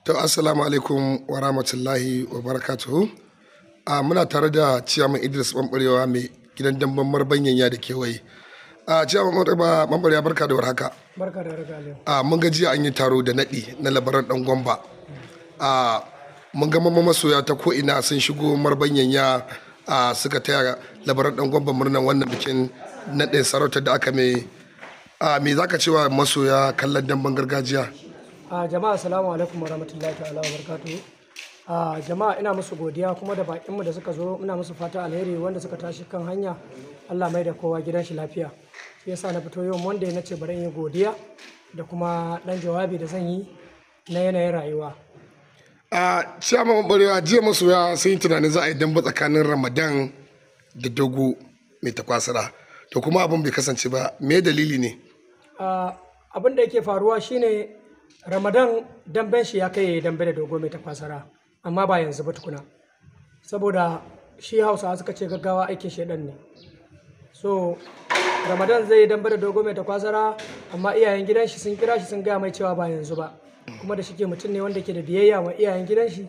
To assalamu alaikum wa rahmatullahi wa barakatuhu. A muna tare da ciyama Idris Bambarewa mai gidan damban ya da kewaye. A ciyaman Bambarewa barka da warhaka. Barka da warhaka. A mun ga jiya an yi taro da naɗi na labaran ɗan gwamba. A mun ga mamma masoya ta ko ina sun shigo ya a suka taya labaran ɗan gwamba murnan wannan bikin naɗin sarautar da aka mai. A me zaka cewa masoya kallon damban gargajiya? a jama'a salamu alaikum warahmatullahi ala wa a jama'a ina musu godiya kuma da bakinmu da suka zo ina musu fata alheri wanda suka tashi kan hanya Allah mai da kowa gidan shi lafiya ya sa na fito yau wanda ya nace bari yi godiya da kuma ɗan jawabi da zan yi na yanayin rayuwa a ciyaman barewa jiya masoya sun yi tunanin za a yi damba tsakanin ramadan da dogo mai kwasara to kuma abin bai kasance ba me dalili ne abin da yake faruwa shine ramadan damben shi ya kai ya dambe da dogo mai tafasara amma ba yanzu ba tukuna saboda shi hausawa suka ce gaggawa aikin shaidan ne so ramadan zai yi dambe da dogo mai takwasara amma iyayen gidan shi sun kira shi sun gaya mai cewa ba yanzu ba kuma da shi ke mutum ne wanda ke da biyayya wa iyayen gidan shi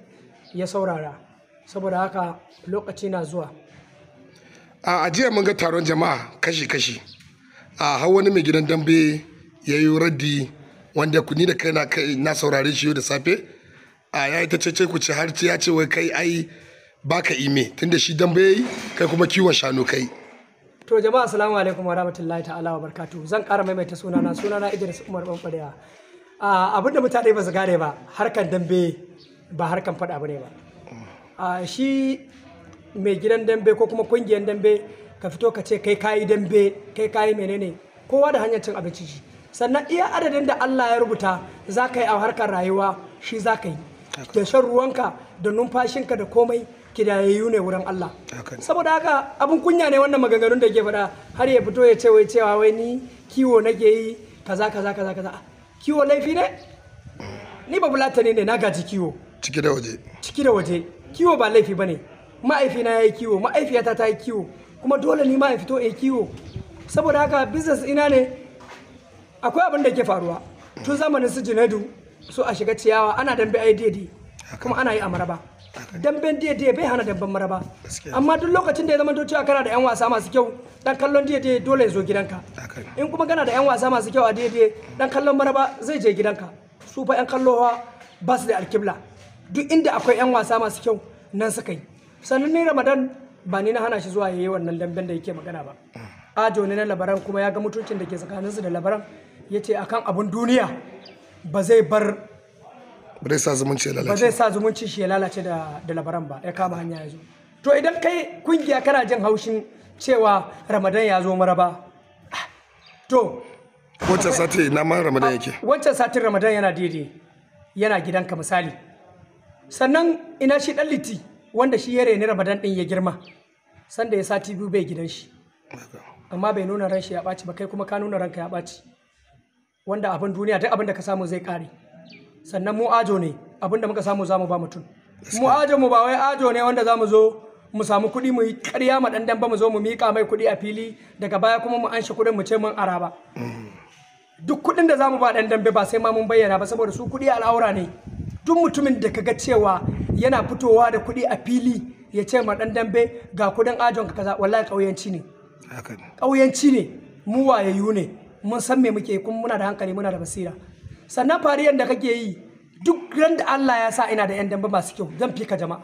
ya saurara saboda haka lokaci na zuwa a ajiya mun ga taron jama'a kashi-kashi a har wani mai gidan dambe ya yi raddi wanda ku ni da kai na kai na saurare shi yau da safe a yayi ita ce ku ce har ya ce wai kai ai baka ime tunda shi dambe kai kuma kiwon shanu kai to jama'a assalamu alaikum wa rahmatullahi ta'ala wa barkatu zan ƙara maimaita sunana sunana Idris Umar a abinda mutane ba su gane ba harkan dambe ba harkan fada bane ba shi mai gidan dambe ko kuma kungiyar dambe ka fito ka ce kai kayi dambe kai kayi menene kowa da hanyar cin abinci shi sannan iya adadin da Allah ya rubuta za ka yi a harkar rayuwa shi za ka yi da shan ruwanka da numfashinka da komai kidayayyu ne wurin Allah saboda haka abin kunya ne wannan maganganun da ke faɗa har ya fito ya ce wai cewa wai ni kiwo nake yi kaza kaza kaza kaza kiwo laifi ne ni ba bulata ne na gaji kiwo ciki da waje ciki da waje kiwo ba laifi bane ma'aifina ya yi kiwo ma'aifiyata ta yi kiwo kuma dole ni ma ya fito kiwo saboda haka business ina ne akwai abin da ke faruwa tun zamanin su jinadu so a shiga ciyawa ana dambe a daidai kuma ana yi a maraba damben daidai bai hana damben maraba amma duk lokacin da ya zama cewa kana da yan wasa masu kyau dan kallon daidai dole ya zo gidanka in kuma kana da yan wasa masu kyau a daidai dan kallon maraba zai je gidanka su fa yan kallo ba su da alkibla duk inda akwai yan wasa masu kyau nan suka yi sannan ni ramadan ba ni na hana shi zuwa yayi wannan damben da yake magana ba mm. ajo ne na labaran kuma ya ga mutuncin da ke tsakaninsu da labaran ya ce a kan abin duniya ba zai bar ba zai sa zumunci shi ya lalace da labaran ba ya kama hanya ya zo to idan kai kungiya kana jin haushin cewa ramadan ya zo maraba. to wancan satin na ma ramadan yake wancan satin ramadan yana daidai yana gidanka misali sannan ina shi dan liti wanda shi ya reni ramadan din ya girma sanda ya sati biyu bai gidan shi amma bai nuna ran shi ya ɓaci ba kai kuma ka nuna ranka ya ɓaci wanda abin duniya duk abin da ka samu zai kare sannan mu ajo ne abin da muka samu zamu ba mutum mu ajo mu ba wai ajo ne wanda zamu zo mu samu kuɗi mu yi ƙarya ma dandan ba mu zo mu miƙa mai kuɗi a fili daga baya kuma mu anshi kuɗin mu ce mun araba mm. duk kuɗin da zamu ba ɗan dambe ba sai ma mun bayyana ba saboda su kuɗi al'aura ne duk mutumin da ka ga cewa yana fitowa da kuɗi a fili ya ce ma dandan dambe ga kudin ajon ka kaza wallahi ƙauyanci ne ƙauyanci ne mu waye ne mun san me muke kuma muna da hankali muna da basira sannan fariyan da kake yi duk ran da Allah ya sa ina da yan dambe masu kyau zan fika jama'a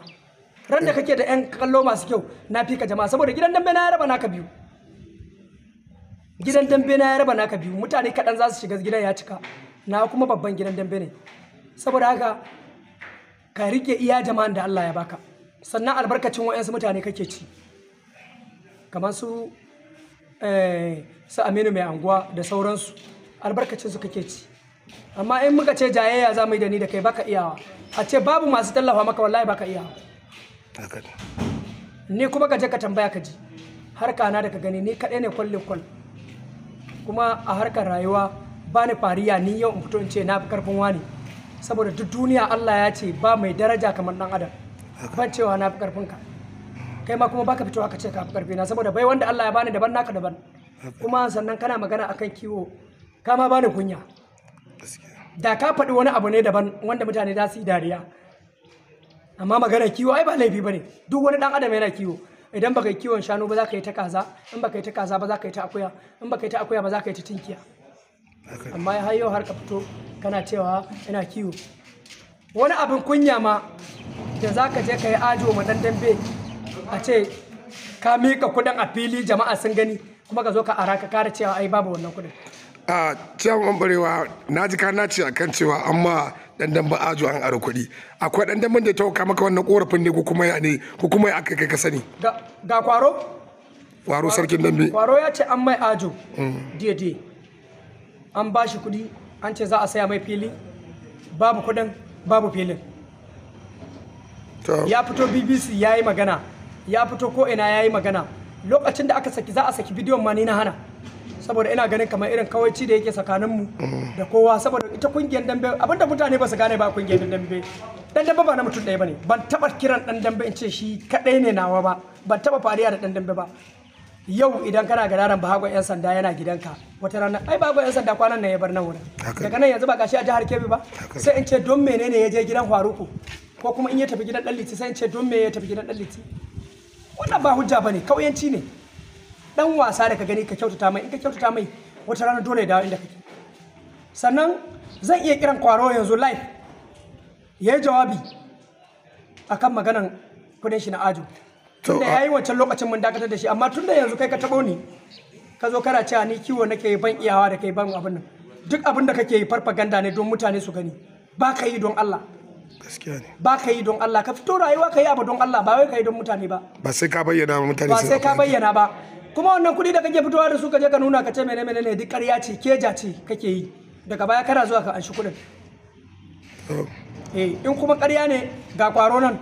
ran da kake da yan kallo masu kyau na fika jama'a saboda gidan dambe na ya raba naka biyu gidan dambe na naka biyu mutane kaɗan za su shiga gidan ya cika na kuma babban gidan dambe ne saboda haka ka rike iya jama'an da Allah ya baka sannan albarkacin wa'yansu mutane kake ci kamar su Eh, su aminu mai anguwa da sauransu albarkacin su kake ci amma in muka ce jayayya za mu yi da ni da kai baka iyawa a ce babu masu tallafa maka wallahi baka iyawa ni kuma ka je ka tambaya ka ji harka na da gani ni kaɗai ne kwallin kwal kuma a harkar rayuwa ba ni fariya ni yau in fito in ce na fi karfin wani saboda duk duniya Allah ya ce ba mai daraja kamar dan adam ban cewa na fi karfin ka kai ma kuma baka fito ka ce ka karfe na saboda bai wanda Allah ya bani daban naka daban kuma sannan kana magana akan kiwo ka ma bani kunya da ka faɗi wani abu ne daban wanda mutane za su yi dariya amma magana kiwo ai ba laifi bane duk wani dan adam yana kiwo idan baka yi kiwon shanu ba za ka yi ta kaza in baka yi ta kaza ba za ka yi ta akuya in baka yi ta akuya ba za ka yi ta tinkiya amma har yau har ka fito kana cewa ina kiwo wani abin kunya ma da za ka je ka yi ajo ma dan dambe a ce ka mika kudin a fili jama'a sun gani kuma ka zo ka ara ka kara cewa ai babu wannan kudin a ciyawan barewa na ji kana ce kan cewa amma dandan ba ajo an ara kuɗi akwai dandan ban da ya tauka maka wannan korafin ne ko kuma ya ne ko kuma ya aka kai ka sani ga kwaro kwaro sarkin dambe kwaro ya ce an mai ajo mm. diye diye an ba shi kuɗi an ce za a saya mai fili babu kuɗin babu filin ya fito bbc ya yi magana ya fito ko ina ya yi magana lokacin da aka saki za a saki bidiyon ma ni na hana saboda ina ganin kamar irin kawaici da yake tsakanin mu da kowa saboda ita kungiyar dambe abinda mutane ba su gane ba kungiyar dambe dan dambe ba na mutum ɗaya bane ban taba kiran dan dambe in ce shi kadai ne nawa ba ban taba fariya da dan dambe ba yau idan kana ga ranar bahagon yan sanda yana gidanka wata rana ai bahagon yan sanda kwanan nan ya bar nan wurin daga nan yanzu ba gashi a jihar Kebbi ba sai in ce don menene ya je gidan Faruku ko kuma in ya tafi gidan Dalliti sai in ce don me ya tafi gidan Dalliti wannan ba hujja bane kauyanci ne dan wasa da ka gani ka kyautata mai in ka kyautata mai wata rana dole ya dawo inda kake sannan zan iya kiran kwaro yanzu live ya yi jawabi akan maganan kudin shi na ajo tunda ya yi wancan lokacin mun dakatar da shi amma tunda yanzu kai ka tabo ni ka zo kana cewa ni kiwo nake ban iyawa da kai ban abin nan duk abin da kake yi farfaganda ne don mutane su gani ba ka yi don Allah gaskiya ne ba ka yi don Allah ka fito rayuwa ka yi abu don Allah ba wai ka yi don mutane ba ba sai ka bayyana ba mutane ba sai ka bayyana ba kuma wannan kuɗi da kake fitowa da su ka je ka nuna ka ce mene mene ne duk ƙarya ce keja ce kake yi daga baya kana zuwa ka anshi kuɗin oh. eh in kuma ƙarya ne ga kwaro nan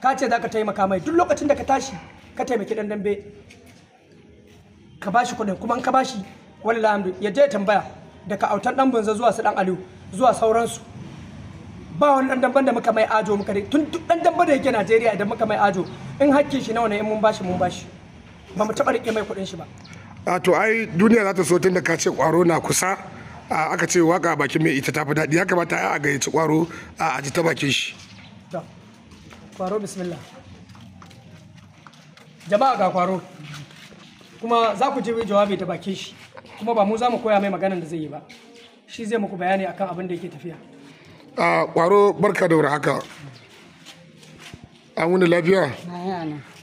ka ce za ka taimaka mai duk lokacin da ka tashi ka taimaki dan dambe ka bashi kuɗin kuma in ka bashi wallahi ya je tambaya daga autan dan banza zuwa su dan aliyu zuwa sauransu ba wani dan damban da muka mai ajo muka dai tun duk dan damban da yake Najeriya idan muka mai ajo in hakkin shi nawa ne in mun bashi mun bashi ba mu taba rike mai kuɗin shi ba a to ai duniya za ta so tun da ka ce kwaro na kusa aka ce waka bakin mai ita tafi daɗi ya kamata a gayyaci kwaro a aji ta bakin shi kwaro bismillah jama'a ga kwaro kuma za ku ji jawabi ta bakin shi kuma ba mu za mu koya mai maganar da zai yi ba shi zai muku bayani akan abin da yake tafiya a kwaro barka da warhaka an wani lafiya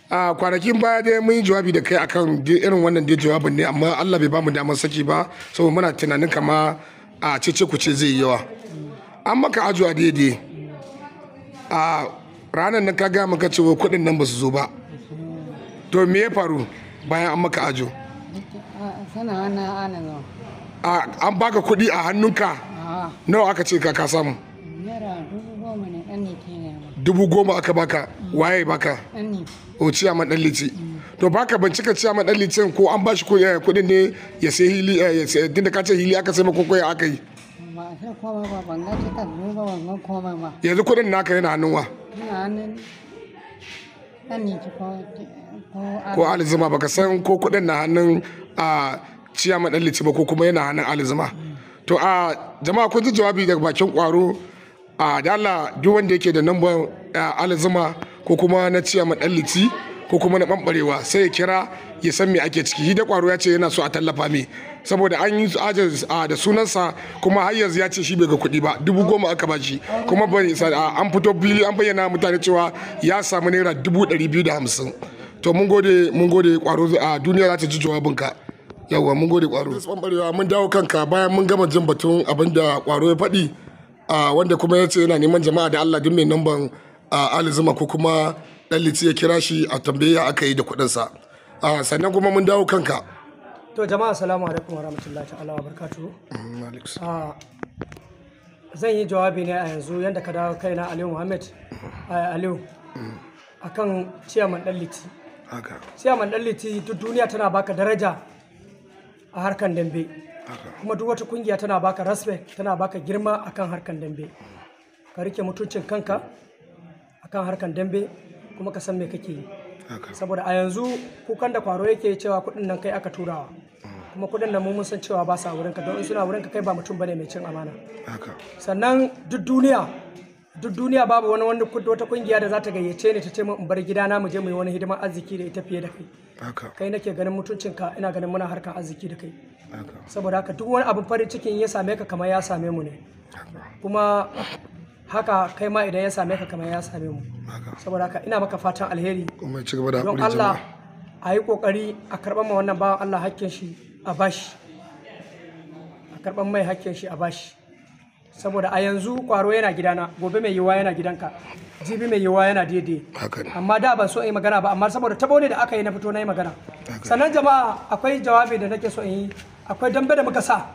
a kwanakin baya dai mun yi jawabi da kai akan irin wannan dai jawabin ne amma Allah bai bamu damar saki ba saboda muna tunanin kama a cece kuce zai yi yawa an maka ajuwa daidai a ranar nan ka gama maka cewa kudin nan ba su zo ba to me ya faru bayan an maka ajo an baka kuɗi a hannunka nawa aka ce ka samu dubu goma aka baka waye baka o ciya dan oh, liti to baka bincika ciya dan litin ko an bashi kudin ne ya sai hili eh, ya sai tunda ka ce hili aka sai mako koya aka yi yanzu kudin naka yana wa? ko alizuma baka san ko kudin na hannun a ciya dan liti ba ko kuma yana hannun alizuma to a jama'a kun ji jawabi daga bakin kwaro a Allah duk wanda yake da namban alzuma ko kuma na ciya dan ko kuma na bambarewa sai ya kira ya san me ake ciki da kwaro ya ce yana so a tallafa me saboda an yi a da sunansa kuma har yanzu ya ce shi bai ga kuɗi ba dubu goma aka ba shi kuma an fito bili an bayyana mutane cewa ya samu naira dubu ɗari biyu da hamsin to mun gode mun gode kwaro a duniya za ta ji jawabinka yawwa mun gode kwaro mun dawo kanka bayan mun gama jin batun abin da kwaro ya faɗi wanda kuma ya ce yana neman jama'a da Allah duk mai namban alizuma ko kuma dan ya kira shi a tambaye aka yi da kuɗinsa sannan kuma mun dawo kanka to jama'a assalamu alaikum wa rahmatullahi ta'ala wa barkatu mm, zan yi jawabi ne a yanzu yadda ka dawo kaina aliyu muhammad mm. aliyu mm. akan ciyaman dan liti ciyaman dan liti duk duniya tana baka daraja a harkan dambe kuma duk wata kungiya tana baka respect tana baka girma akan harkan dambe ka rike mutuncin kanka akan harkan dambe kuma ka san me kake yi saboda a yanzu kukan da kwaro yake cewa kudin nan kai aka turawa kuma kudin nan mun san cewa ba sa wurin ka don suna wurin ka kai ba mutum bane mai cin amana sannan duk duniya duk duniya babu wani wanda wata kungiya da za ta gayyace ni ta ce min bar na mu je mu yi wani hidimar arziki da ita fiye da kai kai nake ganin mutuncinka ina ganin muna harkan arziki da kai saboda haka duk wani abin farin cikin ya same ka kamar ya same mu ne kuma haka kai ma idan ya same ka kamar ya same mu saboda haka ina maka fatan alheri don Allah a yi kokari a karɓar ma wannan bawan Allah hakkin shi a bashi a karɓar mai hakkin shi a bashi saboda a yanzu kwaro yana gidana gobe mai yiwuwa yana gidanka jibi mai yiwuwa yana daidai amma da ban so in yi magana ba amma saboda tabo ne da aka yi na fito na yi magana sannan jama'a akwai jawabi da nake so in yi akwai dambe da muka sa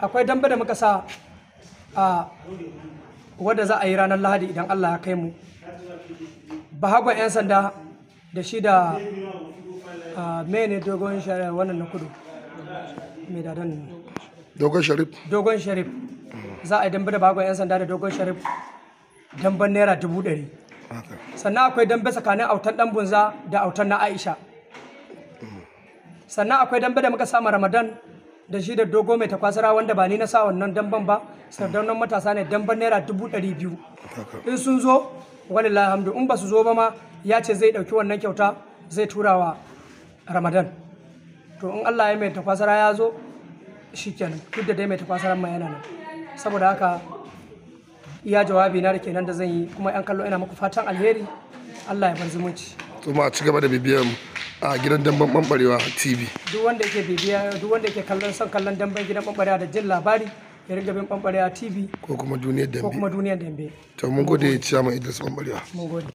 akwai dambe da muka sa a wadda za a yi ranar lahadi idan allah ya kai mu bahagon 'yan sanda da shi da mene dogon shari'a wannan na kudu mai dadan dogon sharif dogon sharif za a yi dambe da bahagon 'yan sanda da dogon sharif damben naira dubu ɗari sannan akwai dambe tsakanin autan ɗan bunza da autan na aisha sannan akwai dambe da muka samu ramadan da shi da dogo mai takwasara wanda ba ni na sa wannan damben ba sardaunan matasa ne damben naira dubu ɗari biyu in sun zo wani hamdu in ba su zo ba ma ya ce zai ɗauki wannan kyauta zai tura wa ramadan to in allah ya mai takwasara ya zo shi kenan duk da dai mai takwasara ma yana nan saboda haka iya jawabi na da kenan da zan yi kuma yan kallo ina muku fatan alheri allah ya bar zumunci kuma a ci gaba da bibiyar mu a gidan damben bambarewa tv duk wanda yake bibiya duk wanda yake kallon son kallon damben gidan bambarewa da jin labari ya ringa bin bambarewa tv ko kuma duniyar dambe ko kuma duniyar dambe to mun gode ya ciyaman idris bambarewa mun gode